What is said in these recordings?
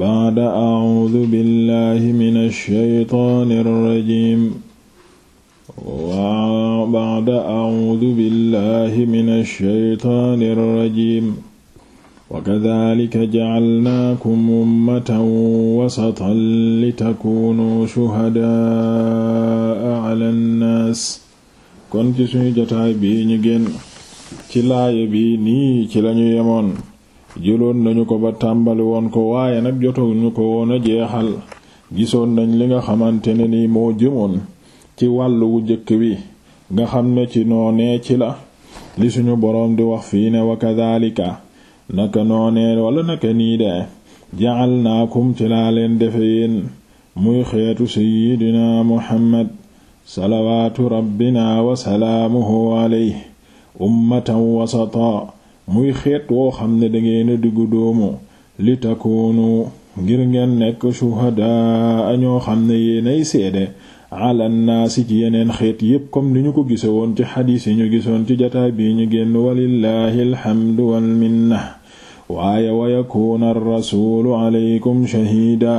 baada acuudu billahi min alshaytaani alrajim wa baada acuudu billahi min alshaytaani alrajim wa kadhalika jacalnaakum ummatan wasatan litakunuu shuhada'a cala annaas kon ci suñu jotaay bii ñu génn ci laaya bi nii ci lañu yemoon jëloon nañu ko ba tàmbali woon ko waaye nag jotuñu ko woon a jeexal gisoon nañ li nga xamante ne ni moo jëmoon ci wàllu wu njëkk wi nga xam ne ci noonee ci la li suñu boroom di wax fii ne wakadalika naka noonee wala naka nii de ja'alnaakum ci laa leen defe yéen muy xeetu sayyidina muhammad salawaatu rabbina wa salaamuhu alayhi ummatan wasata muy xeet woo xam ne dangeen a diggu doomu li takoonu ngir ngeen nekk shuhadaa ñoo xam ne yéenay seede ala naasi ci yeneen xeet yépp comme li ñu ko gise woon ci xadiis yi ñu gisoon ci jataay bii ñu génn walillaahi alxamdu walminna waaye wa yakuuna ar rasuulu aleykum shahiida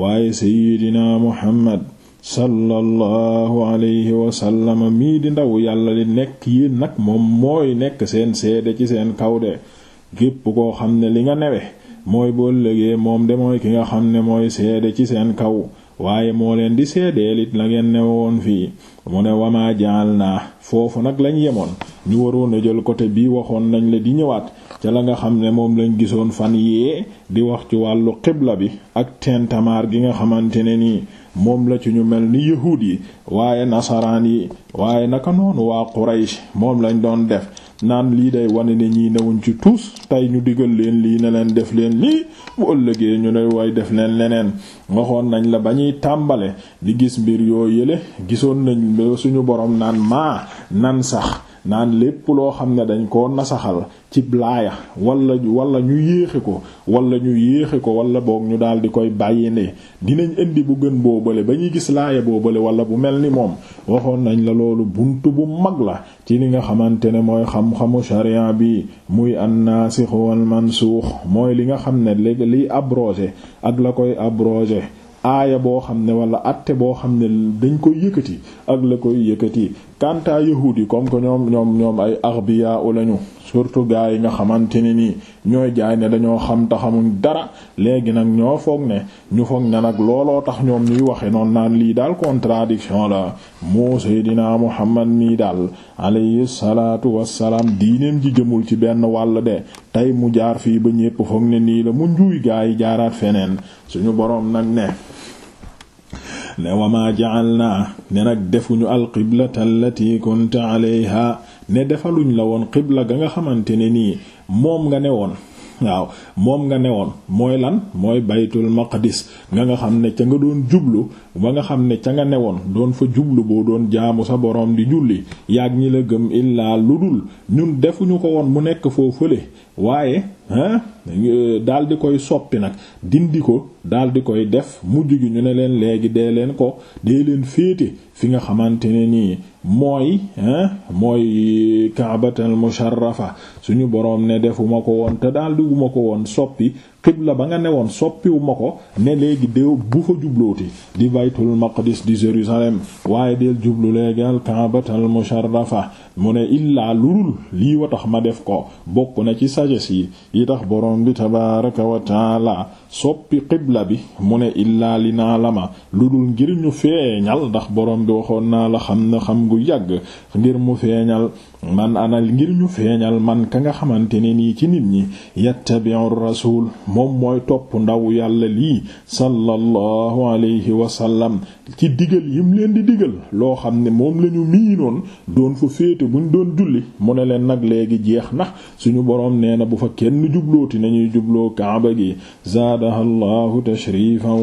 waaye seyyidina muhammad sallallahu alayhi wasallama mii di ndaw yàlla li nekk yi nag moom mooy nekk seen seede ci seen kaw de képp koo xam ne li nga newe mooy boo lëgee moom de ki nga xam ne mooy seede ci seen kaw waaye moo leen di seedeel it la ngeen newoon fii mu ne wamaa jaal naa foofu nag lañu yemoon ñu waroon a jël côté bii waxoon nañ la di ñëwaat ca la nga xam ne moom lañ gisoon fan yee di wax ci wàllu xibla bi ak tentamaar gi nga xamante ne nii moom la ci ñu mel ni yahuud yi waaye nasaraan yi waaye naka noonu waa Quraysh moom lañ doon def naan lii day wane ne ñii newuñ ci tuus tey ñu digal leen lii ne leen def leen lii bu ëllëgee ñu ne way def leen leneen waxoon nañ la ba ñuy tàmbale di gis mbir yoo yële gisoon nañ suñu borom naan maa nan sax naan lépp loo xam ne dañ ko nasaxal ci blaaya wala walla ñu yéexe ko wala ñu yéexe ko wala boog ñu daal di koy bàyyi ne dinañ indi bu gën boo bële ba ñuy gis laaya boo bële wala bu mel ni moom waxoon nañ la loolu buntu bu mag la ci li nga xamante ne mooy xam-xamu sharia bi muy an-nasikh man suux mooy li nga xam ne léegi liy abrogé ak la koy abrogé aaya boo xam ne wala atte boo xam ne dañ koy yëkkati ak la koy yëkkati kanta yahuud yi comme que ñoom ñoom ñoom ay arbiya u lañu surtout gars yi nga xamante ne nii ñooy jaay ne dañoo xam taxamuñ dara léegi nag ñoo foog ne ñu foog ne nag looloo tax ñoom ñuy waxe noon naan lii daal contradiction la moo Seydina Muhammad nii daal alayhi salaatu wassalaam diineem ji jëmul ci benn wàll de tey mu jaar fii ba ñépp foog ne nii la mu njuuy gars yi jaaraat feneen suñu boroom nag ne ne wamaa ja'alnaa ne nag defuñu alqiblata allati kunta alayha ne defaluñu la woon qibla ga nga xamante ne nii moom nga ne woon waaw moom nga ne woon mooy lan mooy baytul maqadis nga nga xam ne ca nga doon jublu ba nga xam ne ca nga ne woon doon fa jublu boo doon jaamu sa boroom di julli yàgg ñi la gëm illaa lu dul ñun defuñu ko woon mu nekk foo fële waaye hein daal di koy soppi nag dindi ko daal di koy def mujj gi ñu ne leen léegi dee leen ko dee leen féete fi nga xamante ne nii mooy hein mooy kaabatal musharrafa suñu boroom ne defuma ko woon te daal di wuma ko woon soppi xibla ba nga newoon soppiwuma ko ne léegi deew bu fa jublooti di baytul maqdis di Jérusalem waaye del jublu léegi al kaabatal musharrafa mu ne illaa lurul lii wa tax ma def ko bokk na ci sagesse yi yi tax borom bi tabaaraka wa soppi qibla bi mu ne illaa li naa lama lu dul ngir ñu feeñal ndax borom bi waxoon naa la xam na xam gu yàgg ngir mu feeñal man ana ngir ñu feeñal man ka nga xamante ne nii ci nit ñi yattabi'u rasul moom mooy topp ndaw yàlla lii sallallahu alayhi wa ci digal yim leen di digal loo xam ne moom lañu ñu miinoon doon fa féete buñ doon julli mu ne leen nag léegi jeex na suñu borom nee na bu fa kenn jublooti nañuy jubloo kaaba gi zaadaha allahu tashrifan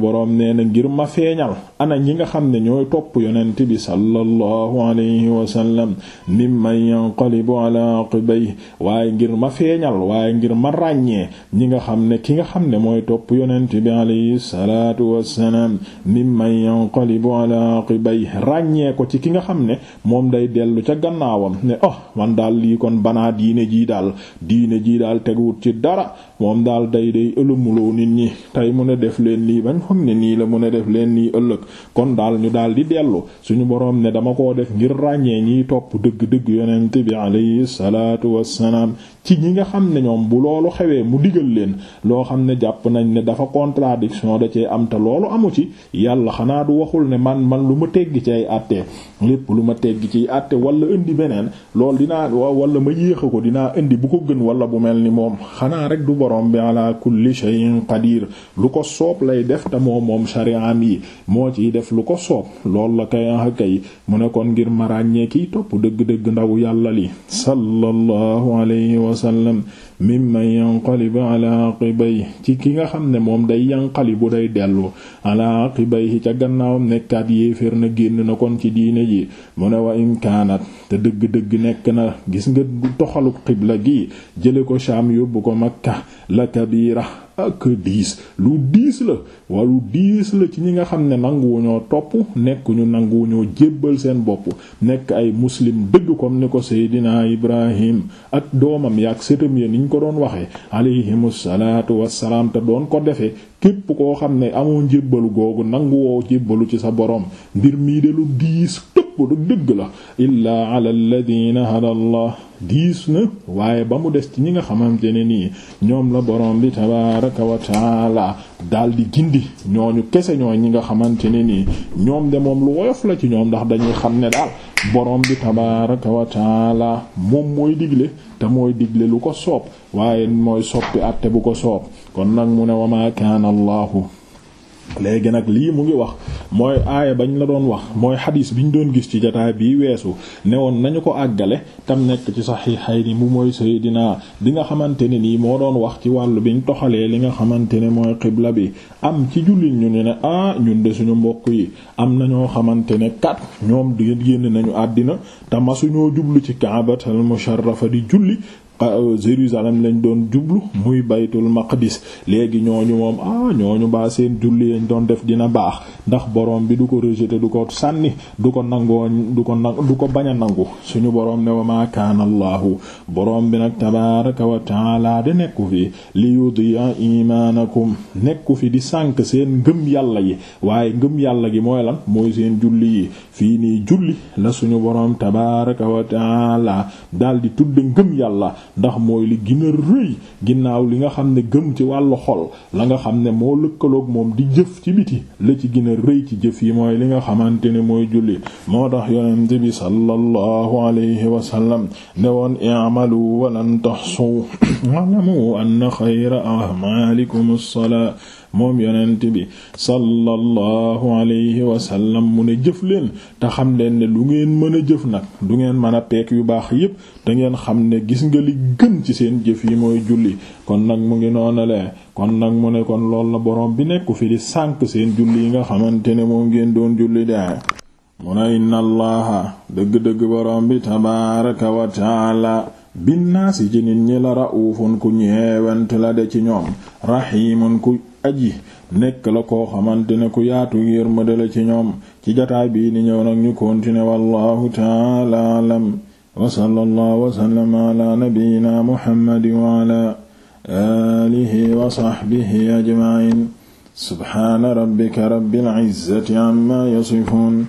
boroom nee na ngir ma feeñal ana ñi nga xam ne ñooy topp yonent bi sallallahu alayhi wasallam mimman yanqalibu ala aqibayhi waaye ngir ma feeñal waaye ngir ma ràññee ñi nga xam ne ki nga xam ne mooy topp yonent bi alayhi salaatu wassalaam mimman yanqalibu ala aqibayhi ràññee ko ci ki nga xam ne moom day dellu ca gannaawam ne oh man daal lii kon banaa diine jii daal diine jii daal teguwut ci dara moom daal daal day day ëlëmuloo nit ñi tey mu ne def leen lii bañ xam ne nii la mu ne def leen nii ëllëg kon daal ñu daal di dellu suñu boroom ne dama koo def ngir ràññee ñiy topp dëgg-dëgg yonent bi alayhi salaatu wassalaam ci ñi nga xam ne ñoom bu loolu xewee mu digal leen loo xam ne jàpp nañ ne dafa contradiction da cee am te loolu amu ci yàlla xanaa du waxul ne man man lu ma teggi ci àtte lépp lu ma teggi ci àtte wala indi beneen loolu dinaa wala ma yéex a ko dinaa indi bu ko ala kulli shay'in qadir lu ko soob lay def te moo moom shari'am yi moo ciy def lu ko soob loolu la kay ah kay mu ne kon ngir maraññee ki topp dëgg-dëgg ndaw yàlla li sallallahu alayhi wa sallam mimman yanqalibu ala ci ki nga xam ne moom day yanqalibu day dellu ala aqibay ca gannaaw nekkaat yéeféer na génn na kon ci diine ji mu ne wa in te dëgg-dëgg nekk na gis nga toxalu xibla gi jële ko Shaam yóbbu ko Makka la kabira ak diis lu diis la walu diis la ci ñi nga xam ne nanguwuñoo topp nekk ñu nanguwuñoo jébbal seen bopp nekk ay muslim dëgg comme ni ko seydinaa ibrahim ak doomam yaak sëtam ya niñ ko doon waxee alayhimu salaatu wassalaam te doon ko defee képp koo xam ne amoo njébbalu googu nanguwoo njébbalu ci sa boroom mbir mii de lu diis tëpp du dëgg la illaa ala alladina hada diis na waaye ba mu des ci ñi nga xamante ne nii ñoom la boroom bi tabaraka wa daal di gindi ñooñu kese ñi nga xamante ne nii ñoom de moom lu woyof la ci ñoom ndax dañuy xam ne daal boroom bi tabaraka wa moom mooy digle te mooy digle lu ko soob waaye mooy soppi àtte bu ko soob kon nag mu ne wa ma kaana léegi nag lii mu ngi wax mooy aaya bañ la doon wax mooy xadiis biñ doon gis ci jataay bii weesu ne woon nañu ko àggale tam nekk ci saxiixayni mu mooy sayidina bi nga xamante ne nii moo doon wax ci wàllu biñ toxalee li nga xamante ne mooy xibla bi am ci jullit ñu ne ne ah ñun de suñu mbokk yi am na ñoo xamante ne kat ñoom di génn nañu àddina tama masuñoo jublu ci kaabatal musharrafa di julli Ah, euh, Jérusalem lañ doon jublu muy baytul maqdis léegi ñooñu moom ah ñooñu baa seen julli yañ doon def dina baax ndax borom bi du ko rejeter du ko sànni du ko nangoo du ko na du ko bañ a nangu suñu borom ne wa ma kaana Allahu bi nag tabaaraka wa taala de nekku fi li yudiya imaanakum nekku fi di sànk seen ngëm yàlla yi waaye ngëm yàlla gi mooy lan mooy seen julli yi fii nii julli la suñu borom tabaaraka wa taala daldi tudde ngëm yàlla ndax mooy li gën rëy ginnaaw li nga xam ne gëm ci wàllu xol la nga xam ne moo lëkkalook moom di jëf ci biti la ci gën a rëy ci jëf yi mooy li nga xamante ne mooy julli moo tax yonent bi sallallahu alayhi wa sallam ne woon i'malu wa lan tahsu wa'lamu anna khayra a'malikum as-salat moom yonent bi sallallahu alayhi wasallam mu ne jëf leen te xam leen lu ngeen mën a jëf nag du ngeen mën a peek yu baax yépp te ngeen xam ne gis nga li gën ci seen jëf yi mooy julli kon nag mu ngi noonale kon nag mu ne kon lool la borom bi nekku fi di sànk seen julli yi nga xamante ne moo ngeen doon julli de mu ne inna dëgg-dëgg borom bi tabaaraka wa taala binnaasi ci nit ñi la ra'uufun ku ñeewant la de ci ñoom rahimun ku aji nekk la koo xamante ne ku yaatu yërmande la ci ñoom ci jataay bi ni ñëw nag ñu continuer wallahu ta'ala a'lam wa sallallahu wa sallama ala nabiyyina muhammadin wa ala alihi wa sahbihi ajma'in subhana rabbika rabbil izzati amma yasifun